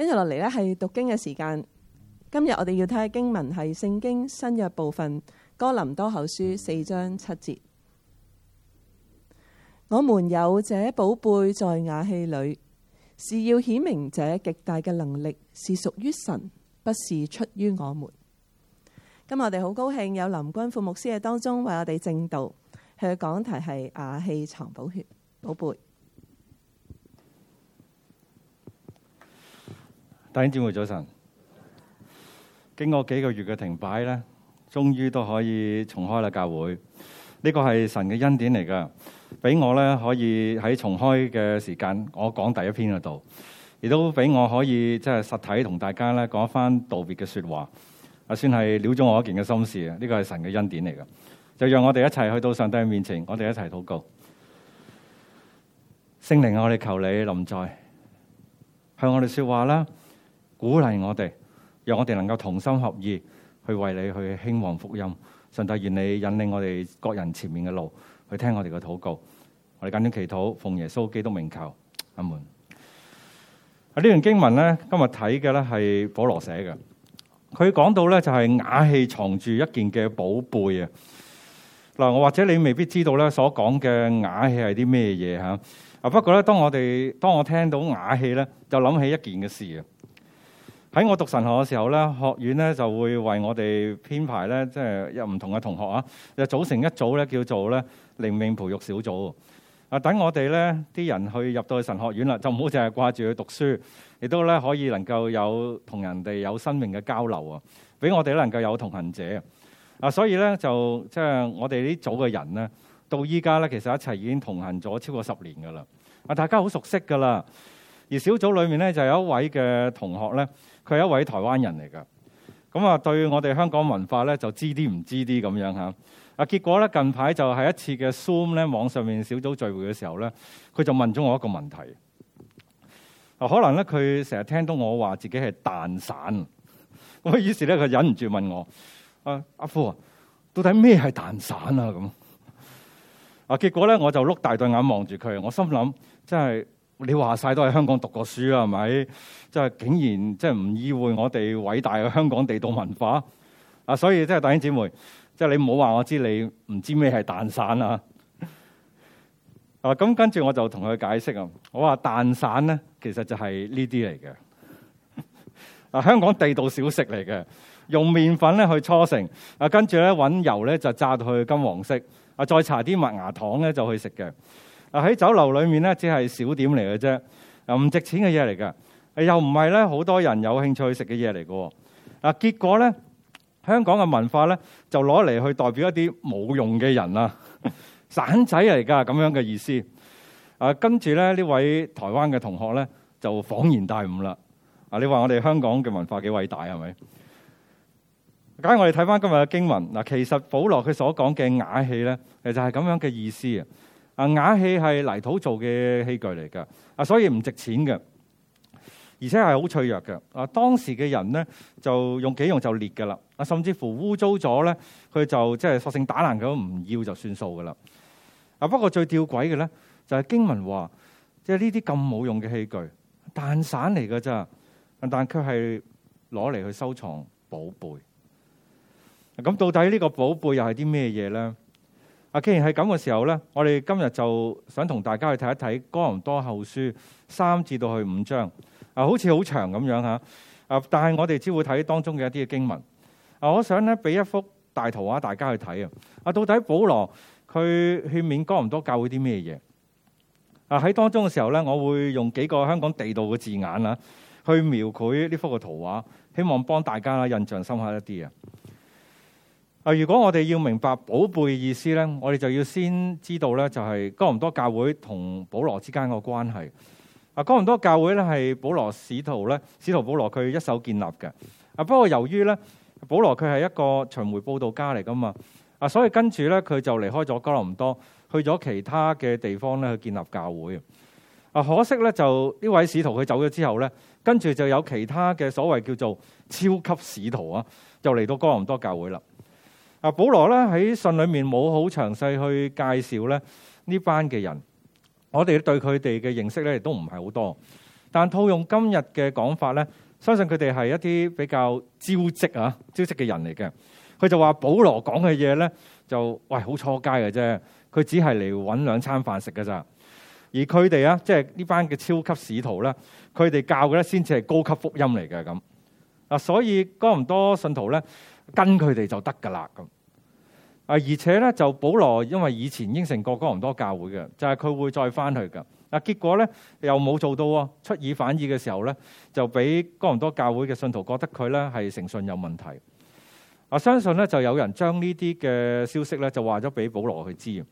跟住落嚟呢係讀經嘅時間。今日我哋要睇嘅經文係聖經新約部分哥林多後書四章七節。我們有這寶貝在瓦器裏，是要顯明這極大嘅能力是屬於神，不是出於我們。今日我哋好高興有林君富牧師喺當中為我哋正道，佢嘅講題係瓦器藏寶血寶貝。弟兄姊妹早晨，經過幾個月嘅停擺呢，終於都可以重開啦教會。呢個係神嘅恩典嚟噶，俾我呢可以喺重開嘅時間，我講第一篇嘅道，亦都俾我可以即係實體同大家呢講一番道別嘅說話，啊，算係了咗我一件嘅心事。呢個係神嘅恩典嚟噶，就讓我哋一齊去到上帝的面前，我哋一齊禱告，聖靈我哋求你臨在，向我哋說話啦。鼓勵我哋，讓我哋能夠同心合意去為你去興旺福音。上帝願你引領我哋各人前面嘅路，去聽我哋嘅禱告。我哋簡短祈禱，奉耶穌基督名求，阿門。啊，呢段經文咧，今日睇嘅咧係保羅寫嘅。佢講到咧就係瓦器藏住一件嘅寶貝啊。嗱，我或者你未必知道咧，所講嘅瓦器係啲咩嘢吓啊。不過咧，當我哋當我聽到瓦器咧，就諗起一件嘅事啊。喺我讀神學嘅時候咧，學院咧就會為我哋編排咧，即係有唔同嘅同學啊，就組成一組咧，叫做咧靈命培育小組啊。等我哋咧啲人去入到去神學院啦，就唔好淨係掛住去讀書，亦都咧可以能夠有同人哋有生命嘅交流啊，俾我哋能夠有同行者啊。所以咧就即係、就是、我哋呢組嘅人咧，到依家咧其實一齊已經同行咗超過十年噶啦，啊大家好熟悉噶啦。而小組裡面咧就有一位嘅同學咧，佢係一位台灣人嚟㗎，咁啊對我哋香港文化咧就知啲唔知啲咁樣吓。啊結果咧近排就係一次嘅 Zoom 咧網上面小組聚會嘅時候咧，佢就問咗我一個問題。啊可能咧佢成日聽到我話自己係蛋散，咁啊於是咧佢忍唔住問我：啊阿夫啊，到底咩係蛋散啊？咁啊結果咧我就碌大對眼望住佢，我心諗真係。你話晒都喺香港讀過書係咪？即係竟然即係唔意會我哋偉大嘅香港地道文化啊！所以即係弟兄姊妹，即係你唔好話我知你唔知咩係蛋散啊！ 啊咁跟住我就同佢解釋啊，我話蛋散咧其實就係呢啲嚟嘅啊，香港地道小食嚟嘅，用麵粉咧去搓成啊，跟住咧揾油咧就炸到佢金黃色啊，再搽啲麥芽糖咧就去食嘅。啊！喺酒樓裏面咧，只係小點嚟嘅啫，啊，唔值錢嘅嘢嚟㗎，又唔係咧好多人有興趣去食嘅嘢嚟嘅。啊，結果咧，香港嘅文化咧就攞嚟去代表一啲冇用嘅人啦，啊，散仔嚟㗎咁樣嘅意思。啊，跟住咧呢位台灣嘅同學咧就恍然大悟啦。啊，你話我哋香港嘅文化幾偉大係咪？咁我哋睇翻今日嘅經文嗱，其實保羅佢所講嘅雅器咧，其實係咁樣嘅意思啊。啊，瓦器係泥土做嘅器具嚟噶，啊，所以唔值錢嘅，而且係好脆弱嘅。啊，當時嘅人咧就用幾用就裂噶啦，啊，甚至乎污糟咗咧，佢就即係索性打爛佢，唔要就算數噶啦。啊，不過最吊鬼嘅咧就係、是、經文話，即係呢啲咁冇用嘅器具，彈散嚟嘅咋，但卻係攞嚟去收藏寶貝。咁到底呢個寶貝又係啲咩嘢咧？啊，既然係咁嘅時候呢，我哋今日就想同大家去睇一睇《哥林多後書》三至到去五章。啊，好似好長咁樣嚇。啊，但係我哋只會睇當中嘅一啲嘅經文。啊，我想咧俾一幅大圖畫大家去睇啊。啊，到底保羅佢勸勉哥林多教會啲咩嘢？啊，喺當中嘅時候呢，我會用幾個香港地道嘅字眼啊，去描繪呢幅嘅圖畫，希望幫大家印象深刻一啲啊。啊！如果我哋要明白“寶貝”意思呢，我哋就要先知道呢，就係哥林多教會同保羅之間個關係。啊，哥林多教會呢，係保羅使徒呢，使徒保羅佢一手建立嘅。啊，不過由於呢，保羅佢係一個巡迴報道家嚟噶嘛，啊，所以跟住呢，佢就離開咗哥林多，去咗其他嘅地方咧去建立教會。啊，可惜呢，就呢位使徒佢走咗之後呢，跟住就有其他嘅所謂叫做超級使徒啊，就嚟到哥林多教會啦。啊，保羅咧喺信裏面冇好詳細去介紹咧呢班嘅人，我哋對佢哋嘅認識咧亦都唔係好多。但套用今日嘅講法咧，相信佢哋係一啲比較招積啊招積嘅人嚟嘅。佢就話保羅講嘅嘢咧就喂好錯街嘅啫，佢只係嚟搵兩餐飯食㗎咋。而佢哋啊，即係呢班嘅超級使徒咧，佢哋教嘅咧先至係高級福音嚟嘅咁。啊，所以哥林多信徒咧。跟佢哋就得噶啦咁啊！而且咧就保羅，因為以前應承過哥林多教會嘅，就係佢會再翻去噶。嗱結果咧又冇做到啊！出爾反爾嘅時候咧，就俾哥林多教會嘅信徒覺得佢咧係誠信有問題。啊，相信咧就有人將呢啲嘅消息咧就話咗俾保羅去知。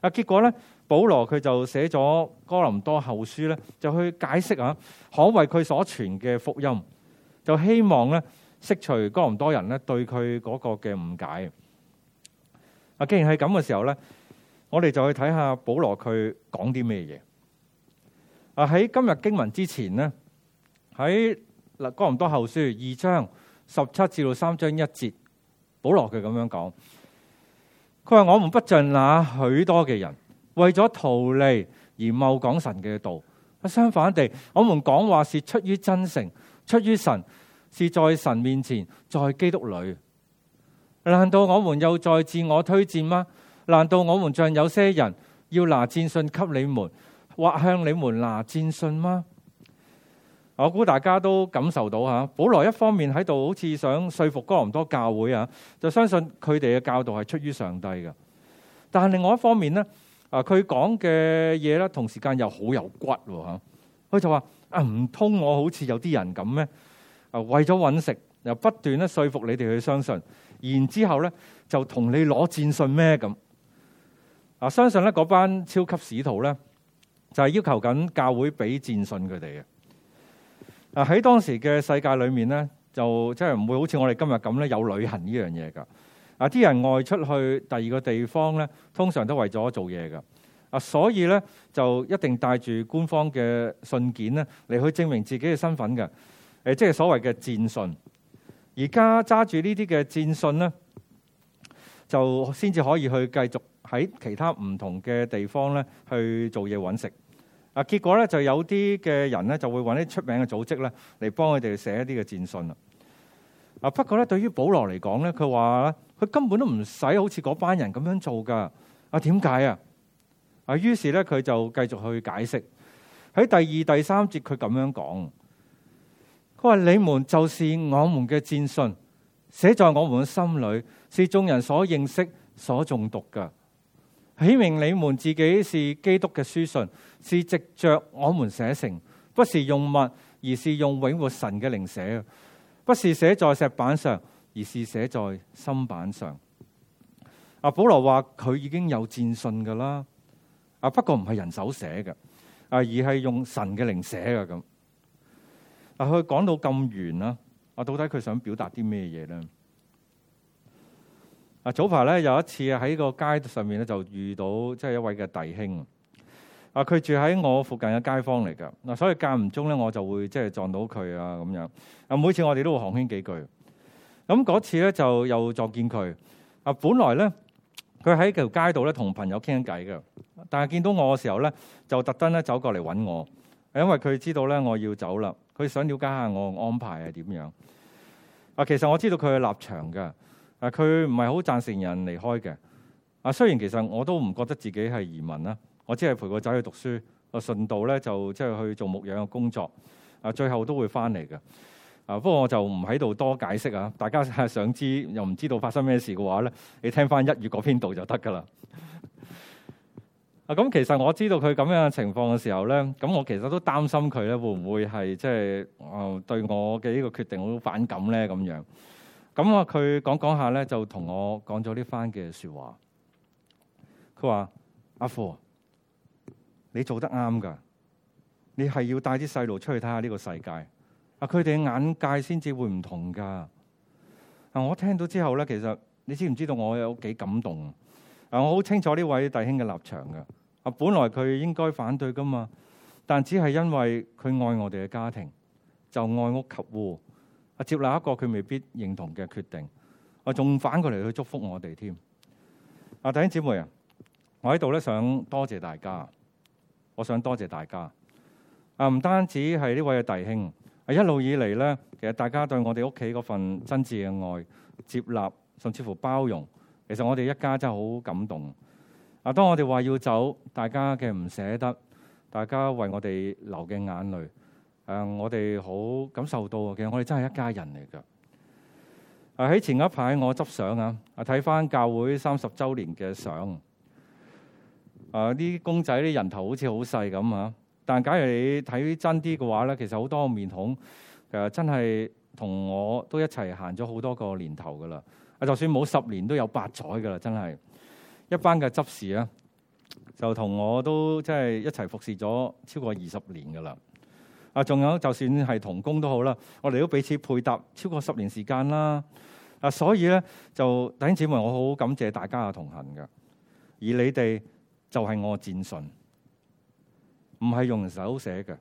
啊，結果咧保羅佢就寫咗哥林多後書咧，就去解釋啊，可謂佢所傳嘅福音，就希望咧。釋除哥林多人咧對佢嗰個嘅誤解。啊，既然係咁嘅時候咧，我哋就去睇下保羅佢講啲咩嘢。啊，喺今日經文之前呢，喺《嗱哥林多後書2章17 -3 章1節》二章十七至到三章一節，保羅佢咁樣講。佢話：我們不像那許多嘅人，為咗牟利而謬講神嘅道。啊，相反地，我們講話是出於真誠，出於神。是在神面前，在基督裏，難道我們又在自我推薦嗎？難道我們像有些人要拿薦信給你們，或向你們拿薦信嗎？我估大家都感受到吓，保羅一方面喺度好似想說服哥林多教會啊，就相信佢哋嘅教導係出於上帝嘅，但係另外一方面呢，啊佢講嘅嘢咧，同時間又好有骨吓，佢就話啊唔通我好似有啲人咁咩？啊！為咗搵食，又不斷咧說服你哋去相信，然之後咧就同你攞戰信咩咁？啊！相信咧嗰班超級使徒咧，就係、是、要求緊教會俾戰信佢哋嘅。啊！喺當時嘅世界裏面咧，就即係唔會好似我哋今日咁咧有旅行呢樣嘢㗎。啊！啲人外出去第二個地方咧，通常都為咗做嘢㗎。啊！所以咧就一定帶住官方嘅信件咧嚟去證明自己嘅身份嘅。誒，即係所謂嘅薦信，而家揸住呢啲嘅薦信咧，就先至可以去繼續喺其他唔同嘅地方咧去做嘢揾食。啊，結果咧就有啲嘅人咧就會揾啲出名嘅組織咧嚟幫佢哋寫一啲嘅薦信啦。啊，不過咧對於保羅嚟講咧，佢話咧佢根本都唔使好似嗰班人咁樣做㗎。啊，點解啊？啊，於是咧佢就繼續去解釋喺第二、第三節佢咁樣講。佢話你們就是我們嘅薦信，寫在我們心裏，是眾人所認識、所誦讀嘅。顯明你們自己是基督嘅書信，是藉着我們寫成，不是用物，而是用永活神嘅靈寫。不是寫在石板上，而是寫在心板上。阿保羅話佢已經有薦信噶啦，啊，不過唔係人手寫嘅，啊，而係用神嘅靈寫嘅咁。嗱，佢講到咁圓啦。啊，到底佢想表達啲咩嘢咧？啊，早排咧有一次喺個街上面咧就遇到即係一位嘅弟兄。啊，佢住喺我附近嘅街坊嚟噶。嗱，所以間唔中咧我就會即係撞到佢啊咁樣。啊，每次我哋都會寒暄幾句。咁嗰次咧就又撞見佢。啊，本來咧佢喺條街度咧同朋友傾偈嘅，但係見到我嘅時候咧就特登咧走過嚟揾我，係因為佢知道咧我要走啦。佢想了解下我安排係點樣啊？其實我知道佢嘅立場噶啊，佢唔係好贊成人離開嘅啊。雖然其實我都唔覺得自己係移民啦，我只係陪個仔去讀書啊，我順道咧就即係去做牧養嘅工作啊，最後都會翻嚟嘅啊。不過我就唔喺度多解釋啊。大家想知又唔知道發生咩事嘅話咧，你聽翻一月嗰篇度就得噶啦。啊，咁其實我知道佢咁樣嘅情況嘅時候咧，咁我其實都擔心佢咧會唔會係即係啊對我嘅呢個決定好反感咧咁樣。咁啊，佢講講下咧就同我講咗呢番嘅説話。佢話：阿富，你做得啱㗎，你係要帶啲細路出去睇下呢個世界。啊，佢哋嘅眼界先至會唔同㗎。啊，我聽到之後咧，其實你知唔知道我有幾感動？嗱，我好清楚呢位弟兄嘅立場嘅。啊，本來佢應該反對㗎嘛，但只係因為佢愛我哋嘅家庭，就愛屋及烏，啊，接納一個佢未必認同嘅決定，啊，仲反過嚟去祝福我哋添。啊，弟兄姊妹啊，我喺度咧想多謝大家，我想多謝大家。啊，唔單止係呢位嘅弟兄，啊，一路以嚟咧，其實大家對我哋屋企嗰份真摯嘅愛、接納，甚至乎包容。其實我哋一家真係好感動。啊，當我哋話要走，大家嘅唔捨得，大家為我哋流嘅眼淚，誒，我哋好感受到。其實我哋真係一家人嚟噶。啊，喺前一排我執相啊，睇翻教會三十週年嘅相。啊，啲公仔啲人頭好似好細咁啊。但假如你睇真啲嘅話咧，其實好多面孔誒，啊，真係同我都一齊行咗好多個年頭噶啦。就算冇十年都有八載噶啦，真係一班嘅執事咧，就同我都即係一齊服侍咗超過二十年噶啦。啊，仲有就算係同工都好啦，我哋都彼此配搭超過十年時間啦。啊，所以咧就，弟兄姊妹，我好感謝大家嘅同行嘅，而你哋就係我薦信，唔係用人手寫嘅，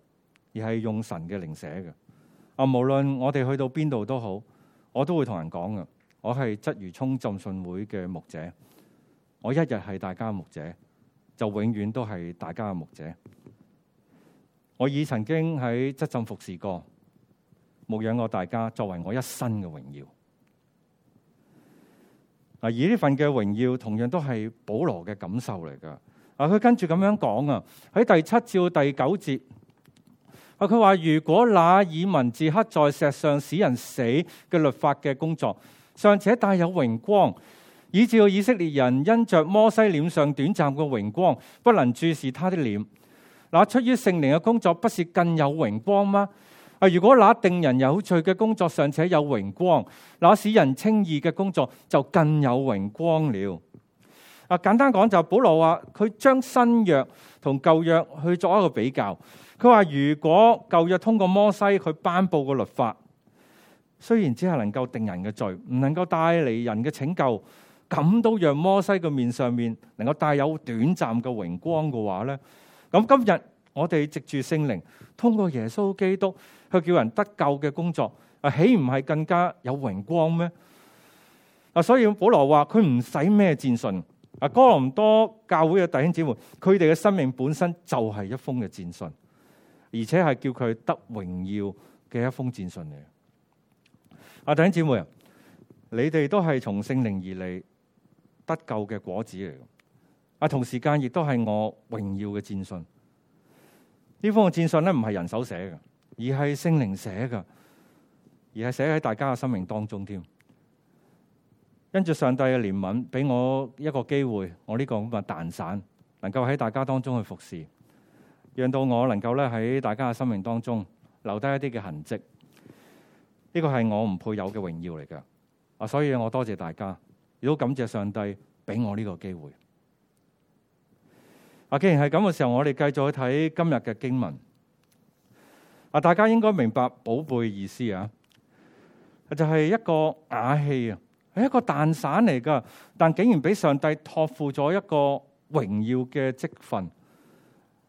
而係用神嘅靈寫嘅。啊，無論我哋去到邊度都好，我都會同人講噶。我係鰂魚涌浸信會嘅牧者，我一日係大家嘅牧者，就永遠都係大家嘅牧者。我已曾經喺鰂浸服侍過，牧養過大家，作為我一生嘅榮耀啊！而呢份嘅榮耀，榮耀同樣都係保羅嘅感受嚟噶啊！佢跟住咁樣講啊，喺第七至第九節啊，佢話：如果那以文字刻在石上使人死嘅律法嘅工作。尚且帶有榮光，以至以色列人因着摩西臉上短暫嘅榮光，不能注視他的臉。那出於聖靈嘅工作，不是更有榮光嗎？啊，如果那定人有罪嘅工作尚且有榮光，那使人稱義嘅工作就更有榮光了。啊，簡單講就是，保羅話佢將新約同舊約去作一個比較。佢話如果舊約通過摩西去頒布個律法。雖然只係能夠定人嘅罪，唔能夠帶嚟人嘅拯救，咁都讓摩西嘅面上面能夠帶有短暫嘅榮光嘅話咧，咁今日我哋藉住聖靈，通過耶穌基督去叫人得救嘅工作，啊，豈唔係更加有榮光咩？啊，所以保羅話佢唔使咩薦信啊，哥林多教會嘅弟兄姊妹，佢哋嘅生命本身就係一封嘅薦信，而且係叫佢得榮耀嘅一封薦信嚟。阿弟兄姊妹啊，你哋都係從聖靈而嚟，得救嘅果子嚟嘅。啊，同時間亦都係我榮耀嘅戰信。呢封嘅戰信咧，唔係人手寫嘅，而係聖靈寫嘅，而係寫喺大家嘅生命當中添。因著上帝嘅憐憫，俾我一個機會，我呢個蛋散，能夠喺大家當中去服侍，讓到我能夠咧喺大家嘅生命當中留低一啲嘅痕跡。呢個係我唔配有嘅榮耀嚟噶啊，所以我多謝大家，亦都感謝上帝俾我呢個機會啊。既然係咁嘅時候，我哋繼續去睇今日嘅經文啊。大家應該明白寶貝嘅意思啊，就係一個瓦器啊，係一個蛋散嚟噶，但竟然俾上帝託付咗一個榮耀嘅職分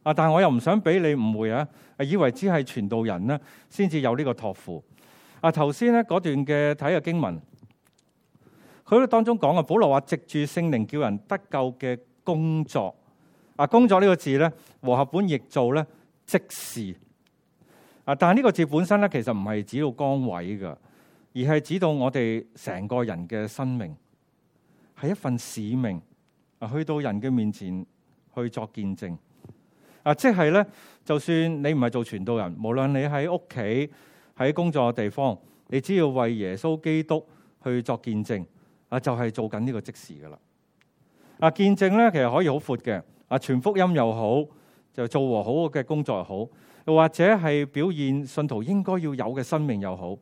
啊。但係我又唔想俾你誤會啊，以為只係傳道人呢，先至有呢個託付。啊，頭先咧嗰段嘅體育經文，佢喺當中講啊，保羅話藉住聖靈叫人得救嘅工作，啊工作呢個字咧和合本譯做咧職事，啊但係呢個字本身咧其實唔係指到崗位嘅，而係指到我哋成個人嘅生命，係一份使命啊，去到人嘅面前去作見證，啊即係咧就算你唔係做傳道人，無論你喺屋企。喺工作嘅地方，你只要為耶穌基督去作見證啊，就係、是、做緊呢個即時噶啦。啊，見證咧，其實可以好闊嘅啊，傳福音又好，就做和好嘅工作又好，又或者係表現信徒應該要有嘅生命又好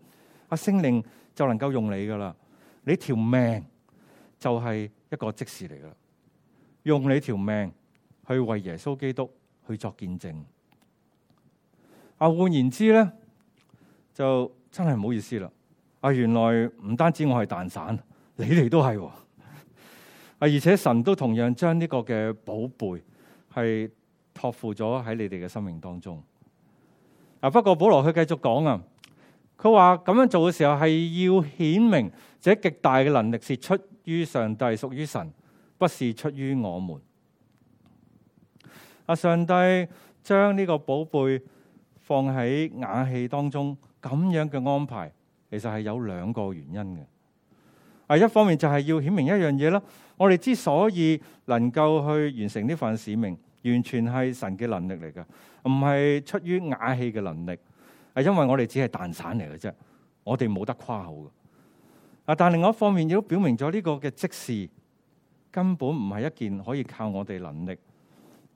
啊，聖靈就能夠用你噶啦，你條命就係一個即時嚟噶，用你條命去為耶穌基督去作見證啊。換言之咧。就真係唔好意思啦。啊，原來唔單止我係蛋散，你哋都係。啊，而且神都同樣將呢個嘅寶貝係託付咗喺你哋嘅生命當中。啊，不過保羅佢繼續講啊，佢話咁樣做嘅時候係要顯明，這極大嘅能力是出於上帝，屬於神，不是出於我們。啊，上帝將呢個寶貝放喺瓦器當中。咁樣嘅安排，其實係有兩個原因嘅。啊，一方面就係要顯明一樣嘢啦，我哋之所以能夠去完成呢份使命，完全係神嘅能力嚟噶，唔係出於瓦器嘅能力，係因為我哋只係蛋散嚟嘅啫，我哋冇得誇口嘅。啊，但另外一方面亦都表明咗呢個嘅即事根本唔係一件可以靠我哋能力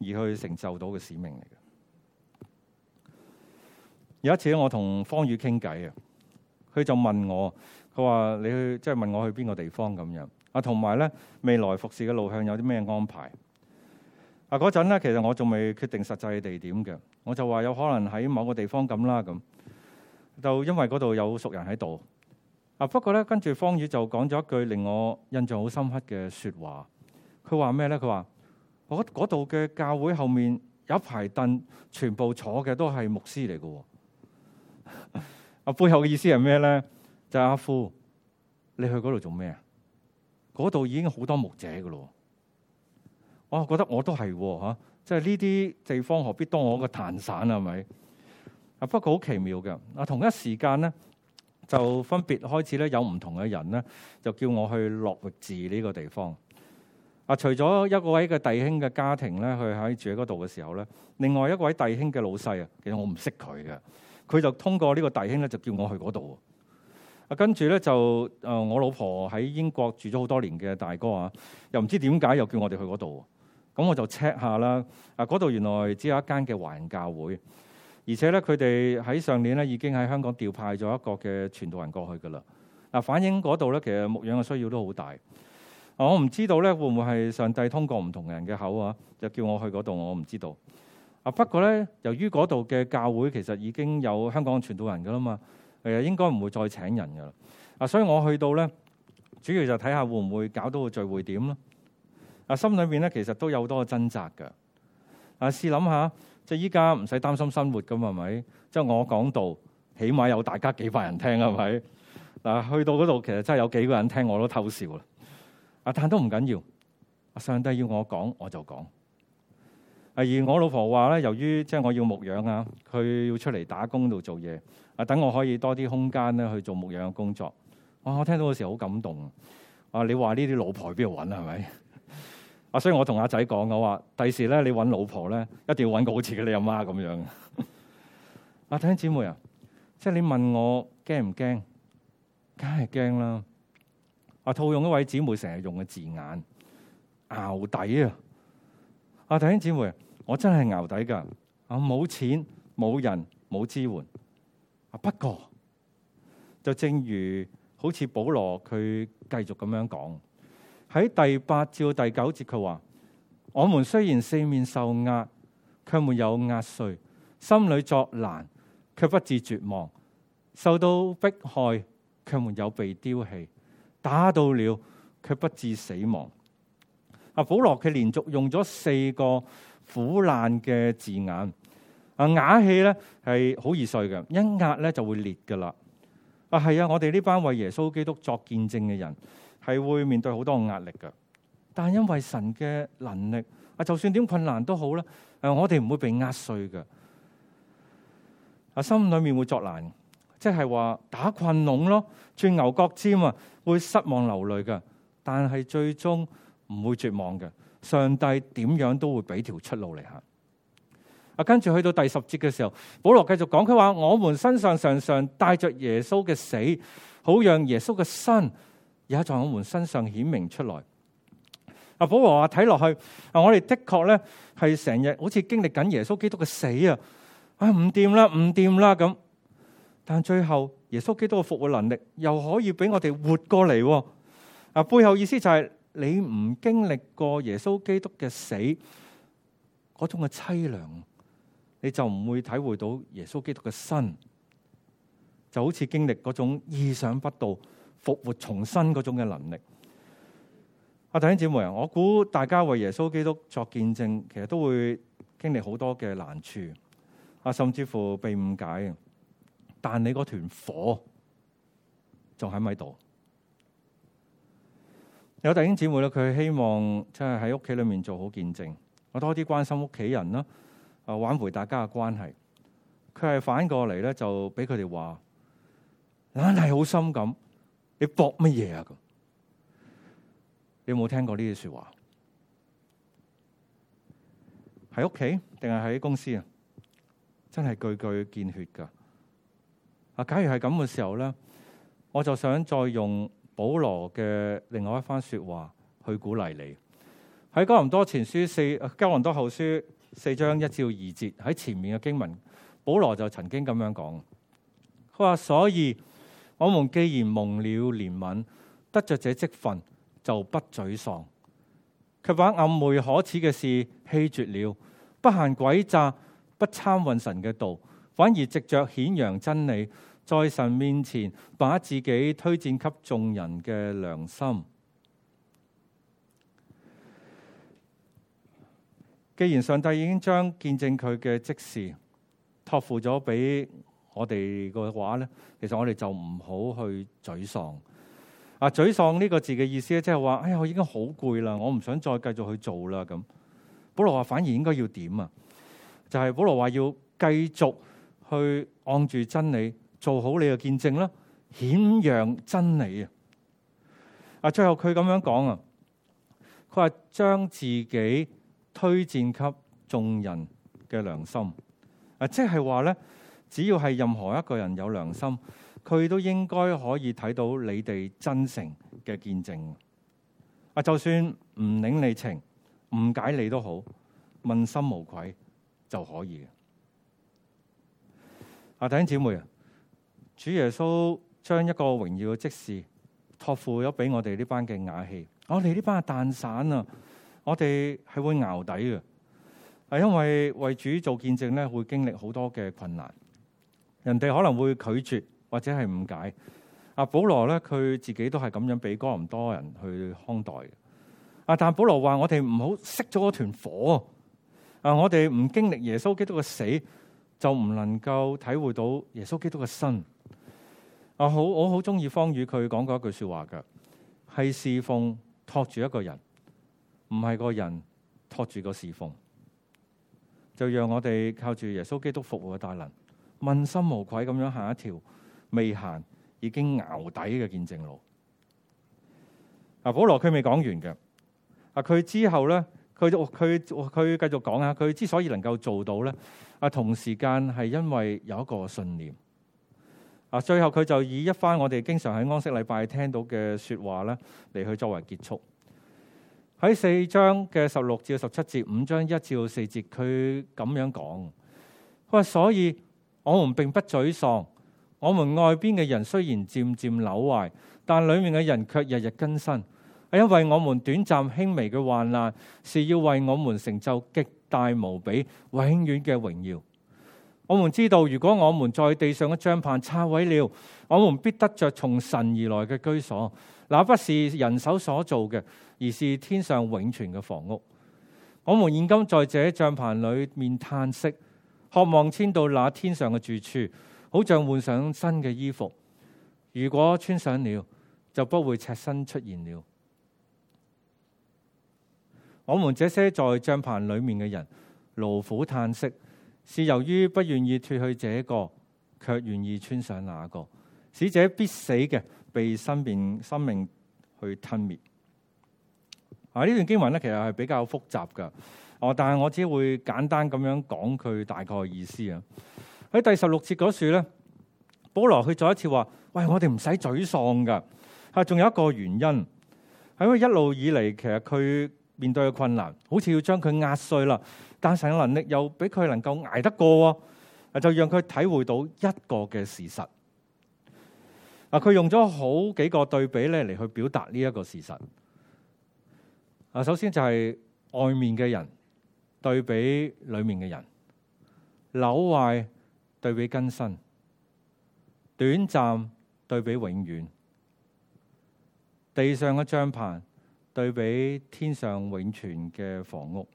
而去成就到嘅使命嚟嘅。有一次我，我同方宇傾偈啊，佢就問我：佢話你去即係、就是、問我去邊個地方咁樣啊？同埋咧未來服侍嘅路向有啲咩安排啊？嗰陣咧，其實我仲未決定實際嘅地點嘅，我就話有可能喺某個地方咁啦咁。就因為嗰度有熟人喺度啊。不過咧，跟住方宇就講咗一句令我印象好深刻嘅説話。佢話咩咧？佢話我嗰度嘅教會後面有一排凳，全部坐嘅都係牧師嚟嘅。阿背後嘅意思係咩咧？就係、阿夫，你去嗰度做咩啊？嗰度已經好多牧者噶咯、啊。我覺得我都係吓，即係呢啲地方何必當我個彈散啊？係咪啊？不過好奇妙嘅，啊同一時間咧，就分別開始咧有唔同嘅人咧，就叫我去落邑寺呢個地方。啊，除咗一個位嘅弟兄嘅家庭咧，佢喺住喺嗰度嘅時候咧，另外一位弟兄嘅老細啊，其實我唔識佢嘅。佢就通過這個呢個弟兄咧，就叫我去嗰度。啊，跟住咧就誒，我老婆喺英國住咗好多年嘅大哥啊，又唔知點解又叫我哋去嗰度。咁我就 check 下啦。啊，嗰度原來只有一間嘅華人教會，而且咧佢哋喺上年咧已經喺香港調派咗一個嘅傳道人過去㗎喇。嗱、啊，反映嗰度咧其實牧養嘅需要都好大。啊、我唔知道咧會唔會係上帝通過唔同人嘅口啊，就叫我去嗰度。我唔知道。啊！不過咧，由於嗰度嘅教會其實已經有香港傳道人噶啦嘛，誒應該唔會再請人噶啦。啊，所以我去到咧，主要就睇下會唔會搞到個聚會點咯。啊，心裏邊咧其實都有好多嘅掙扎嘅。啊，試諗下，即係依家唔使擔心生活噶嘛，咪即係我講道，起碼有大家幾百人聽係咪？嗱、啊，去到嗰度其實真係有幾個人聽，我都偷笑啦。啊，但都唔緊要。啊，上帝要我講我就講。而我老婆話咧，由於即係我要牧養啊，佢要出嚟打工度做嘢啊，等我可以多啲空間咧去做牧養嘅工作。啊、哦，我聽到嗰時好感動啊！你話呢啲老婆喺邊度揾啊？係咪啊？所以我同阿仔講，我話第時咧，你揾老婆咧，一定要揾個好似你阿媽咁樣。啊，弟兄姊妹啊，即係你問我驚唔驚？梗係驚啦！阿、啊、套用一位姊妹成日用嘅字眼，淆底啊！啊，弟兄姊妹。我真係牛底噶，我冇錢、冇人、冇支援。啊，不過就正如好似保羅佢繼續咁樣講喺第八至到第九節他說，佢話：我們雖然四面受壓，卻沒有壓碎；心裏作難，卻不至絕望；受到迫害，卻沒有被丟棄；打到了，卻不至死亡。啊，保羅佢連續用咗四個。苦難嘅字眼，啊瓦器咧係好易碎嘅，一壓咧就會裂噶啦。啊係啊，我哋呢班為耶穌基督作見證嘅人，係會面對好多壓力嘅。但因為神嘅能力，啊就算點困難都好啦，誒我哋唔會被壓碎嘅。啊心裏面會作難，即係話打困籠咯，鑽牛角尖啊，會失望流淚嘅。但係最終唔會絕望嘅。上帝點樣都會俾條出路嚟吓。啊，跟住去到第十節嘅時候，保羅繼續講佢話，我們身上常常帶着耶穌嘅死，好讓耶穌嘅身也在我們身上顯明出來。啊，保羅話睇落去啊，我哋的確咧係成日好似經歷緊耶穌基督嘅死啊，啊唔掂啦，唔掂啦咁。但最後耶穌基督嘅復活能力又可以俾我哋活過嚟。啊，背後意思就係、是。你唔經歷過耶穌基督嘅死，嗰種嘅淒涼，你就唔會體會到耶穌基督嘅身，就好似經歷嗰種意想不到復活重生嗰種嘅能力。啊，弟兄姊妹啊，我估大家為耶穌基督作見證，其實都會經歷好多嘅難處啊，甚至乎被誤解。但你嗰團火仲喺咪度？有弟兄姊妹咧，佢希望即係喺屋企裏面做好見證，我多啲關心屋企人啦，啊，挽回大家嘅關係。佢係反過嚟咧，就俾佢哋話，硬係好心咁，你搏乜嘢啊？你有冇聽過呢啲說話？喺屋企定係喺公司啊？真係句句見血噶。啊，假如係咁嘅時候咧，我就想再用。保羅嘅另外一番說話去鼓勵你，喺哥林多前書四、哥林多後書四章一至二節，喺前面嘅經文，保羅就曾經咁樣講：佢話所以我們既然蒙了憐憫，得着這職分，就不沮喪，卻把暗昧可恥嘅事棄絕了，不行詭詐，不參混神嘅道，反而藉着顯揚真理。在神面前把自己推薦給眾人嘅良心。既然上帝已經將見證佢嘅職事託付咗俾我哋嘅話咧，其實我哋就唔好去沮喪啊！沮喪呢個字嘅意思咧，即係話哎呀，我已經好攰啦，我唔想再繼續去做啦。咁保羅話，反而應該要點啊？就係保羅話要繼續去按住真理。做好你嘅見證啦，顯揚真理啊！啊，最後佢咁樣講啊，佢話將自己推薦給眾人嘅良心啊，即係話咧，只要係任何一個人有良心，佢都應該可以睇到你哋真誠嘅見證啊！就算唔領你情、誤解你都好，問心無愧就可以嘅。啊，弟兄姊妹啊！主耶穌將一個榮耀嘅職事託付咗俾我哋呢班嘅瓦器。我哋呢班係蛋散啊！我哋係會熬底嘅，係因為為主做見證咧，會經歷好多嘅困難，人哋可能會拒絕或者係誤解。阿保羅咧，佢自己都係咁樣俾哥林多人去看待嘅。阿但保羅話：我哋唔好熄咗嗰團火啊！我哋唔經歷耶穌基督嘅死，就唔能夠體會到耶穌基督嘅身。」啊，好！我好中意方宇佢講過一句說話嘅，係侍奉托住一個人，唔係個人托住個侍奉，就讓我哋靠住耶穌基督服務嘅大能，問心無愧咁樣行一條未行已經淆底嘅見證路。啊，保羅佢未講完嘅，啊佢之後咧，佢就佢佢繼續講下，佢之所以能夠做到咧，啊同時間係因為有一個信念。嗱，最後佢就以一番我哋經常喺安息禮拜聽到嘅説話咧，嚟去作為結束。喺四章嘅十六至十七節，五章一至到四節，佢咁樣講：佢話，所以我們並不沮喪，我們外邊嘅人雖然漸漸扭壞，但裡面嘅人卻日日更新，係因為我們短暫輕微嘅患難，是要為我們成就極大無比、永遠嘅榮耀。我們知道，如果我們在地上嘅帳棚拆毀了，我們必得着從神而來嘅居所。那不是人手所做嘅，而是天上永存嘅房屋。我們現今在，在這帳棚裏面嘆息，渴望遷到那天上嘅住處，好像換上新嘅衣服。如果穿上了，就不會赤身出現了。我們這些在帳棚裏面嘅人，勞苦嘆息。是由於不願意脫去這個，卻願意穿上那個。死者必死嘅，被新便生命去吞滅。啊，呢段經文咧其實係比較複雜㗎。哦，但係我只會簡單咁樣講佢大概意思啊。喺第十六節嗰處咧，保羅去再一次話：「喂，我哋唔使沮喪㗎。啊，仲有一個原因係因為一路以嚟其實佢面對嘅困難，好似要將佢壓碎啦。單純能力又俾佢能夠挨得過，就讓佢體會到一個嘅事實。啊，佢用咗好幾個對比咧嚟，去表達呢一個事實。啊，首先就係外面嘅人對比裏面嘅人，朽壞對比更新，短暫對比永遠，地上嘅帳篷對比天上永存嘅房屋。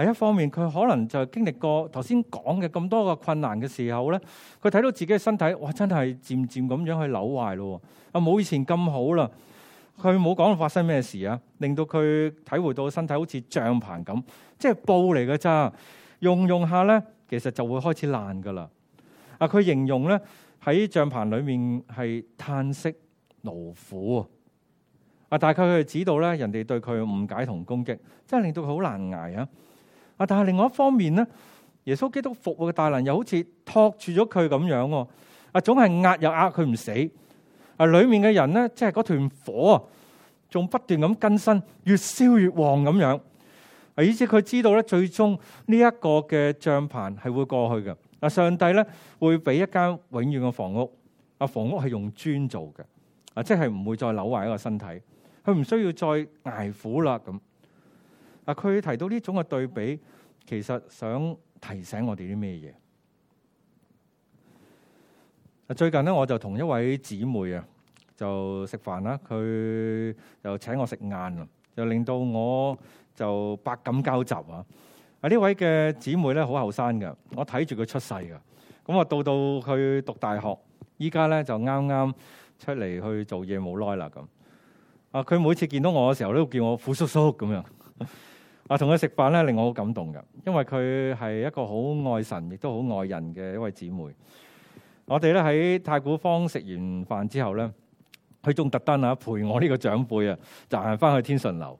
喺一方面，佢可能就經歷過頭先講嘅咁多個困難嘅時候咧，佢睇到自己嘅身體，哇，真係漸漸咁樣去扭壞咯。啊，冇以前咁好啦。佢冇講發生咩事啊，令到佢體會到身體好似帳篷咁，即係布嚟嘅咋。用用下咧，其實就會開始爛噶啦。啊，佢形容咧喺帳篷裏面係嘆息勞苦啊。啊，大概佢係指到咧人哋對佢誤解同攻擊，真係令到佢好難捱啊。啊！但係另外一方面咧，耶穌基督復活嘅大能又好似托住咗佢咁樣，啊，總係壓又壓佢唔死，啊，裏面嘅人咧，即係嗰團火啊，仲不斷咁更新，越燒越旺咁樣。啊，以至佢知道咧，最終呢一個嘅帳篷係會過去嘅。啊，上帝咧會俾一間永遠嘅房屋。啊，房屋係用磚做嘅，啊即係唔會再扭壞一個身體，佢唔需要再挨苦啦咁。啊！佢提到呢種嘅對比，其實想提醒我哋啲咩嘢？啊！最近咧，我就同一位姊妹啊，就食飯啦，佢就請我食晏啊，就令到我就百感交集啊！啊！呢位嘅姊妹咧，好後生噶，我睇住佢出世噶，咁啊到到佢讀大學，依家咧就啱啱出嚟去做嘢冇耐啦咁。啊！佢每次見到我嘅時候，都叫我虎叔叔咁樣。 啊，同佢食飯咧，令我好感動㗎，因為佢係一個好愛神，亦都好愛人嘅一位姊妹。我哋咧喺太古坊食完飯之後咧，佢仲特登啊，陪我呢個長輩啊，就行翻去天順樓。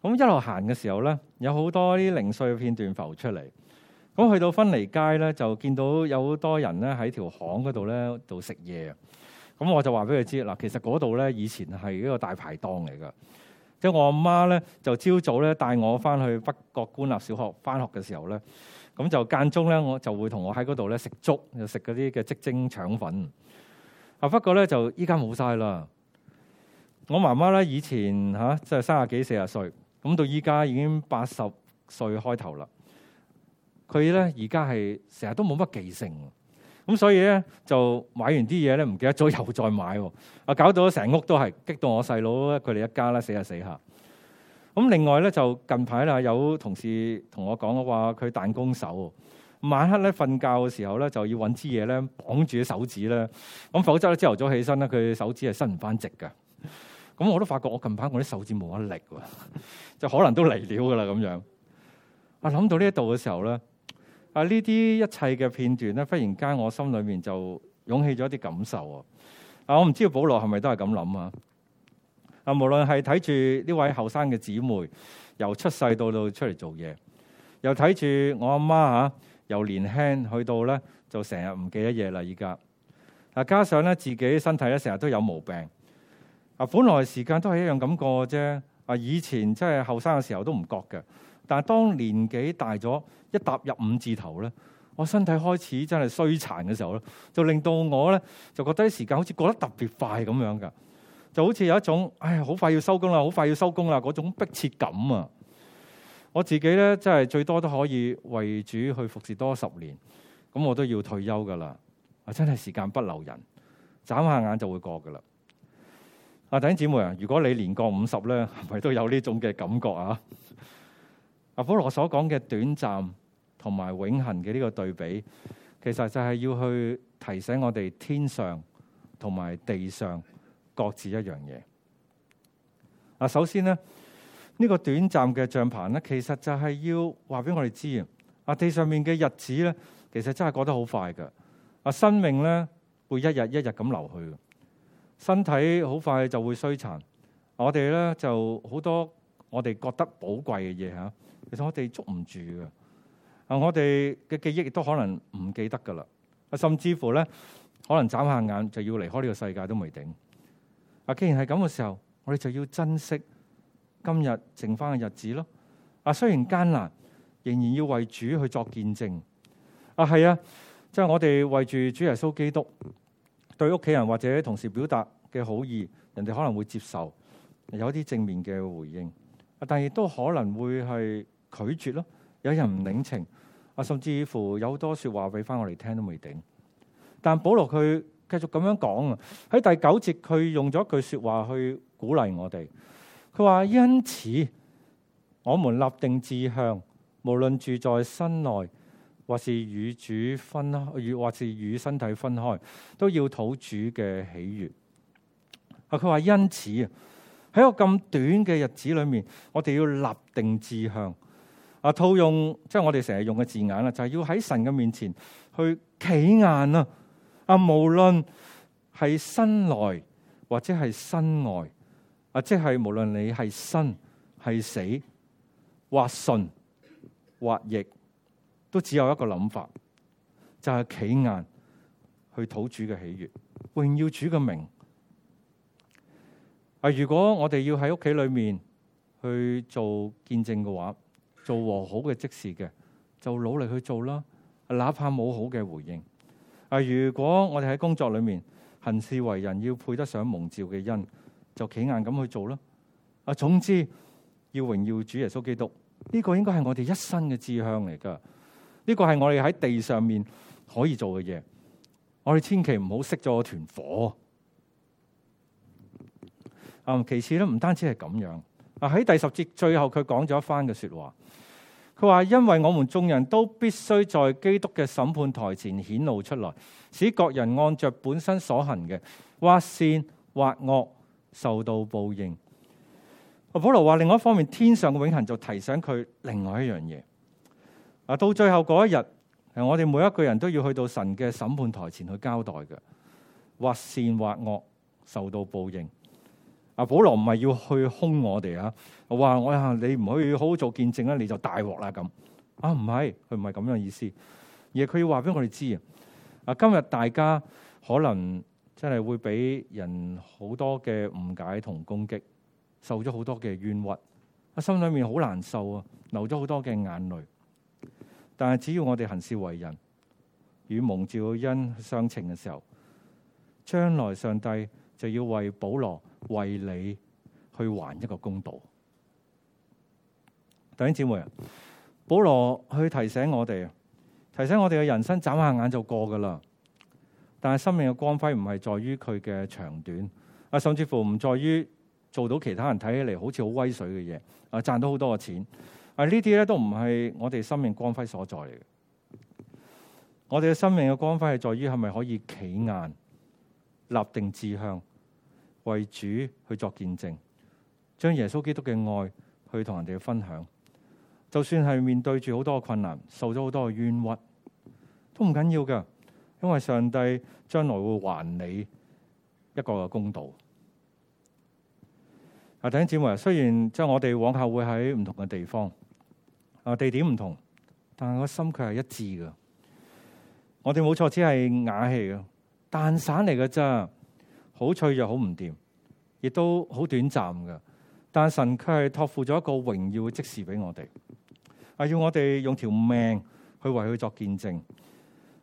咁一路行嘅時候咧，有好多啲零碎嘅片段浮出嚟。咁去到芬尼街咧，就見到有好多人咧喺條巷嗰度咧度食嘢。咁我就話俾佢知，嗱，其實嗰度咧以前係一個大排檔嚟㗎。即係我阿媽咧，就朝早咧帶我返去北角官立小學返學嘅時候咧，咁就間中咧我就會同我喺嗰度咧食粥，又食嗰啲嘅即蒸腸粉。啊不過咧就依家冇晒啦。我媽媽咧以前吓即係三十幾四十歲，咁到依家已經八十歲開頭啦。佢咧而家係成日都冇乜記性。咁所以咧就買完啲嘢，咧唔記得咗又再買，啊搞到成屋都係，激到我細佬佢哋一家啦，死下死下。咁另外咧就近排啦，有同事同我講話佢彈弓手，晚黑咧瞓覺嘅時候咧就要揾支嘢咧綁住啲手指咧，咁否則咧朝頭早起身咧佢手指係伸唔翻直噶。咁我都發覺我近排我啲手指冇乜力，就可能都嚟料噶啦咁樣。啊諗到呢一度嘅時候咧。啊！呢啲一切嘅片段咧，忽然間我心裏面就湧起咗一啲感受啊！啊，我唔知道保羅係咪都係咁諗啊！啊，無論係睇住呢位後生嘅姊妹，由出世到到出嚟做嘢，又睇住我阿媽嚇，由、啊、年輕去到咧就成日唔記得嘢啦，依家啊，加上咧自己身體咧成日都有毛病，啊，本來時間都係一樣咁過啫！啊，以前即係後生嘅時候都唔覺嘅。但係當年紀大咗，一踏入五字頭咧，我身體開始真係衰殘嘅時候咧，就令到我咧就覺得啲時間好似過得特別快咁樣噶，就好似有一種唉，好快要收工啦，好快要收工啦嗰種迫切感啊！我自己咧，真係最多都可以為主去服侍多十年，咁我都要退休噶啦。啊，真係時間不留人，眨下眼就會過噶啦。啊，弟兄姊妹啊，如果你年過五十咧，係咪都有呢種嘅感覺啊？阿保羅所講嘅短暫同埋永恆嘅呢個對比，其實就係要去提醒我哋天上同埋地上各自一樣嘢。嗱，首先呢，呢個短暫嘅帳棚咧，其實就係要話俾我哋知啊。地上面嘅日子咧，其實真係過得好快噶。啊，生命咧會一日一日咁流去，身體好快就會衰殘。我哋咧就好多我哋覺得寶貴嘅嘢吓。其實我哋捉唔住嘅，啊，我哋嘅記憶亦都可能唔記得噶啦，啊，甚至乎咧，可能眨下眼就要離開呢個世界都未定。啊，既然係咁嘅時候，我哋就要珍惜今日剩翻嘅日子咯。啊，雖然艱難，仍然要為主去作見證。啊，係啊，即係我哋為住主耶穌基督對屋企人或者同事表達嘅好意，人哋可能會接受，有啲正面嘅回應。啊，但亦都可能會係。拒絕咯！有人唔領情啊，甚至乎有好多説話俾翻我哋聽都未定。但保羅佢繼續咁樣講啊，喺第九節佢用咗一句説話去鼓勵我哋。佢話：因此，我們立定志向，無論住在身內，或是與主分，與或是與身體分開，都要討主嘅喜悦。啊！佢話：因此喺一個咁短嘅日子裏面，我哋要立定志向。啊！套用即係、就是、我哋成日用嘅字眼啦，就係、是、要喺神嘅面前去企硬啊！啊，無論係身來或者係身外，啊，即、就、係、是、無論你係生係死或順或逆，都只有一個諗法，就係企硬去討主嘅喜悦，榮耀主嘅名啊！如果我哋要喺屋企裏面去做見證嘅話。做和好嘅即時嘅，就努力去做啦。哪怕冇好嘅回應。啊，如果我哋喺工作裏面行事為人要配得上蒙召嘅恩，就企硬咁去做啦。啊，總之要榮耀主耶穌基督。呢個應該係我哋一生嘅志向嚟噶。呢個係我哋喺地上面可以做嘅嘢。我哋千祈唔好熄咗團火。嗯，其次咧，唔單止係咁樣。嗱喺第十節最後佢講咗一番嘅說話，佢話：因為我們眾人都必須在基督嘅審判台前顯露出來，使各人按着本身所行嘅，或善或惡，受到報應。阿保羅話：另外一方面，天上嘅永恒就提醒佢另外一樣嘢。嗱到最後嗰一日，係我哋每一個人都要去到神嘅審判台前去交代嘅，或善或惡，受到報應。阿保羅唔係要去凶我哋啊！我話我呀，你唔可以好好做見證啊，你就大鑊啦咁啊！唔係佢唔係咁樣嘅意思，而係佢要話俾我哋知啊。今日大家可能真係會俾人好多嘅誤解同攻擊，受咗好多嘅冤屈，啊心裏面好難受啊，流咗好多嘅眼淚。但係只要我哋行事為人與蒙召恩相稱嘅時候，將來上帝就要為保羅。為你去還一個公道，弟兄姊妹啊！保羅去提醒我哋，提醒我哋嘅人生眨下眼，眼就過噶啦。但係生命嘅光輝唔係在於佢嘅長短啊，甚至乎唔在於做到其他人睇起嚟好似好威水嘅嘢啊，賺到好多嘅錢啊，呢啲咧都唔係我哋生命光輝所在嚟嘅。我哋嘅生命嘅光輝係在於係咪可以企硬、立定志向，為主去作見證，將耶穌基督嘅愛去同人哋分享。就算係面對住好多困難，受咗好多冤屈，都唔緊要噶，因為上帝將來會還你一個嘅公道。啊，弟兄姊妹，雖然即係我哋往後會喺唔同嘅地方啊，地點唔同，但係個心卻係一致噶。我哋冇錯，只係啞氣嘅蛋散嚟噶咋。好脆弱，好唔掂，亦都好短暫噶。但神卻係託付咗一個榮耀嘅職事俾我哋，啊，要我哋用條命去為佢作見證。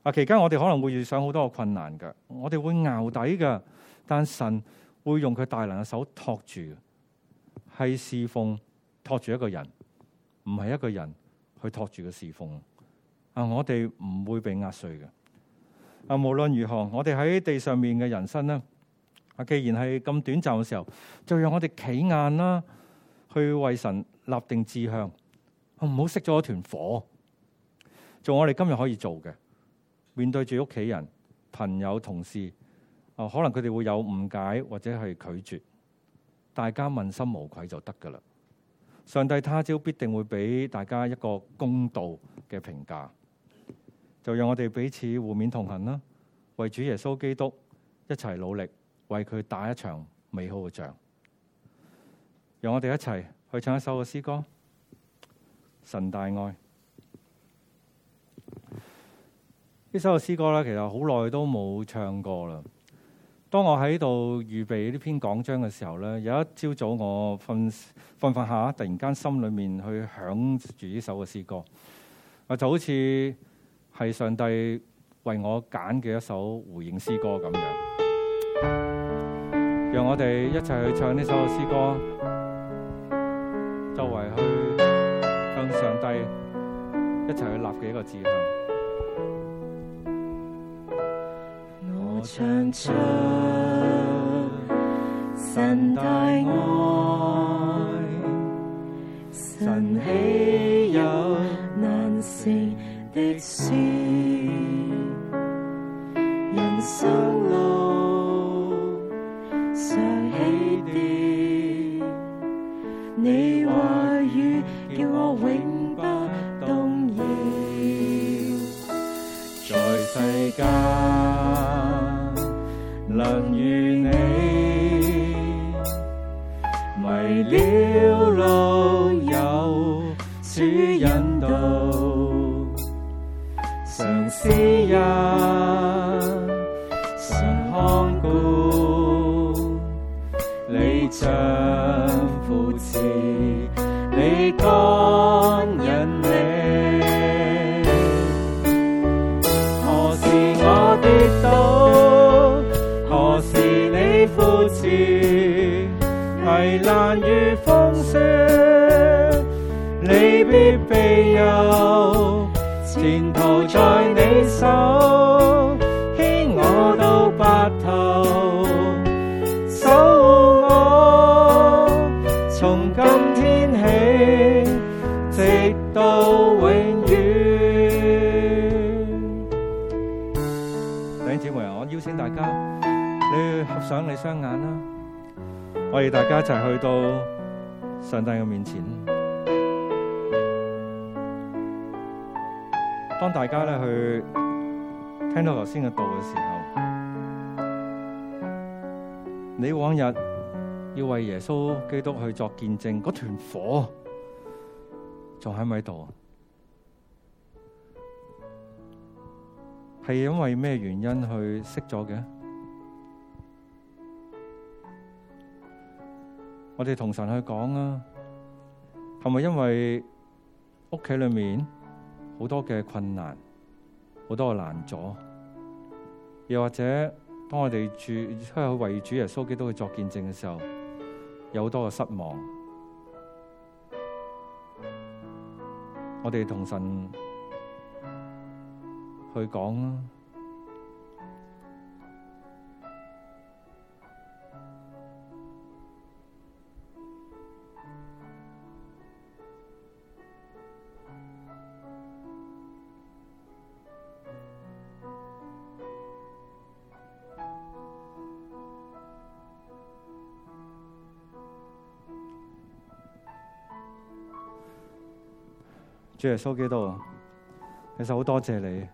啊，期間我哋可能會遇上好多嘅困難噶，我哋會淆底噶。但神會用佢大能嘅手托住，係侍奉托住一個人，唔係一個人去托住個侍奉。啊，我哋唔會被壓碎嘅。啊，無論如何，我哋喺地上面嘅人生咧。啊！既然係咁短暫嘅時候，就讓我哋企硬啦，去為神立定志向。唔好熄咗一團火，做我哋今日可以做嘅。面對住屋企人、朋友、同事，啊，可能佢哋會有誤解或者係拒絕，大家問心無愧就得㗎喇。上帝他朝必定會俾大家一個公道嘅評價。就讓我哋彼此互勉同行啦，為主耶穌基督一齊努力。為佢打一場美好嘅仗，讓我哋一齊去唱一首嘅詩歌《神大愛》。呢首嘅詩歌咧，其實好耐都冇唱過啦。當我喺度預備呢篇講章嘅時候咧，有一朝早我瞓瞓瞓下，突然間心裏面去響住呢首嘅詩歌，啊，就好似係上帝為我揀嘅一首回應詩歌咁樣。我哋一齊去唱呢首詩歌，周圍去跟上帝一齊去立幾個志向。我唱出神大愛，神豈有難成的事？我哋大家一齊去到上帝嘅面前，當大家咧去聽到頭先嘅道嘅時候，你往日要為耶穌基督去作見證，嗰團火仲喺咪度？係因為咩原因去熄咗嘅？我哋同神去講啊，係咪因為屋企裏面好多嘅困難，好多嘅難阻，又或者當我哋住出去為主耶穌基督作見證嘅時候，有好多嘅失望，我哋同神去講啊。主耶穌基督啊，其實好多謝，謝你，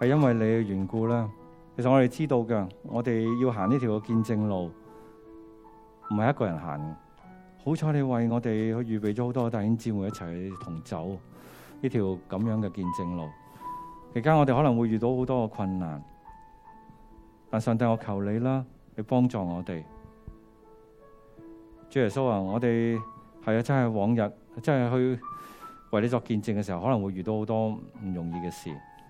係因為你嘅緣故啦。其實我哋知道嘅，我哋要行呢條嘅見證路，唔係一個人行。好彩你為我哋去預備咗好多弟兄姊妹一齊同走呢條咁樣嘅見證路。期間我哋可能會遇到好多嘅困難，但上帝，我求你啦，你幫助我哋。主耶穌啊，我哋。係啊，真係往日，真係去為你作見證嘅時候，可能會遇到好多唔容易嘅事。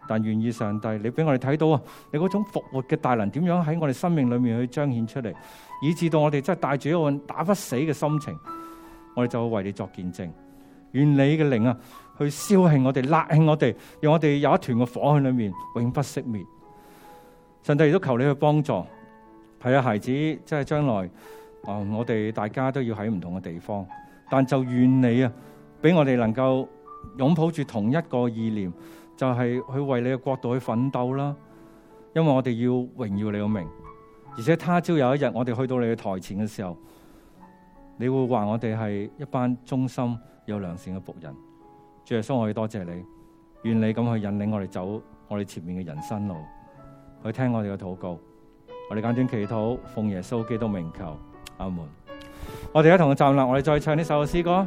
但願意上帝，你俾我哋睇到啊，你嗰種復活嘅大能點樣喺我哋生命裏面去彰顯出嚟，以致到我哋真係帶住一個打不死嘅心情，我哋就會為你作見證。願你嘅靈啊，去燒興我哋，焫興我哋，讓我哋有一團嘅火喺裏面永不熄滅。上帝亦都求你去幫助。係啊，孩子，即係將來，啊、呃，我哋大家都要喺唔同嘅地方。但就願你啊，俾我哋能夠擁抱住同一個意念，就係去為你嘅國度去奮鬥啦。因為我哋要榮耀你嘅名，而且他朝有一日我哋去到你嘅台前嘅時候，你會話我哋係一班忠心有良善嘅僕人。主耶穌，我要多謝你，願你咁去引領我哋走我哋前面嘅人生路，去聽我哋嘅禱告。我哋簡短祈禱，奉耶穌基督名求，阿門。我哋一同站立，我哋再唱呢首詩歌。